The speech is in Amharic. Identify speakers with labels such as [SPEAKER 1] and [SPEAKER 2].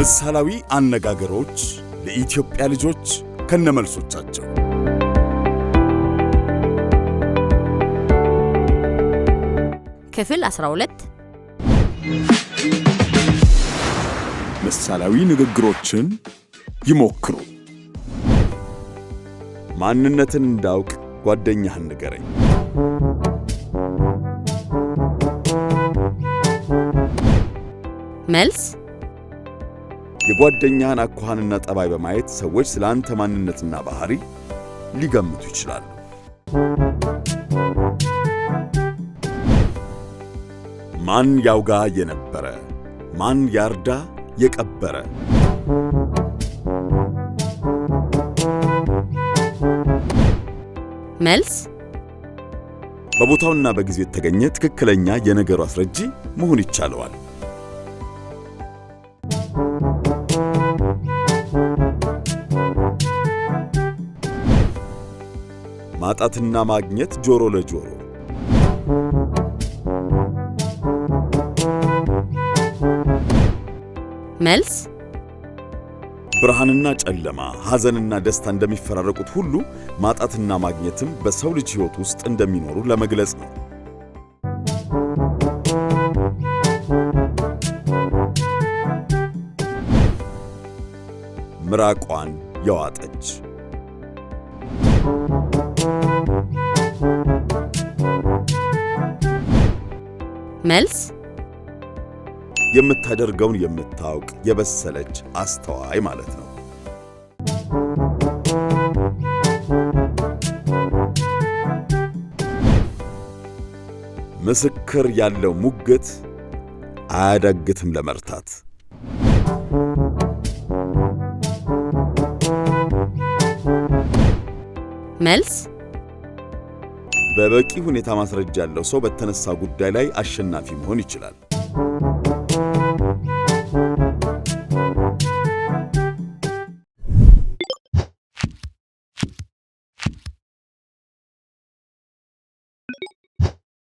[SPEAKER 1] ምሳሌያዊ አነጋገሮች ለኢትዮጵያ ልጆች ከነመልሶቻቸው
[SPEAKER 2] ክፍል 12
[SPEAKER 1] ምሳሌያዊ ንግግሮችን ይሞክሩ። ማንነትን እንዳውቅ ጓደኛህን ንገረኝ። መልስ የጓደኛህን አኳኋንና ጠባይ በማየት ሰዎች ስለ አንተ ማንነትና ባህሪ ሊገምቱ ይችላሉ። ማን ያውጋ የነበረ ማን ያርዳ የቀበረ መልስ በቦታውና በጊዜው የተገኘ ትክክለኛ የነገሩ አስረጂ መሆን ይቻለዋል። ማጣትና ማግኘት ጆሮ ለጆሮ መልስ ብርሃንና ጨለማ፣ ሐዘንና ደስታ እንደሚፈራረቁት ሁሉ ማጣትና ማግኘትም በሰው ልጅ ሕይወት ውስጥ እንደሚኖሩ ለመግለጽ ነው። ምራቋን የዋጠች መልስ የምታደርገውን የምታውቅ የበሰለች አስተዋይ ማለት ነው። ምስክር ያለው ሙግት አያዳግትም ለመርታት። መልስ በበቂ ሁኔታ ማስረጃ ያለው ሰው በተነሳ ጉዳይ ላይ አሸናፊ መሆን ይችላል።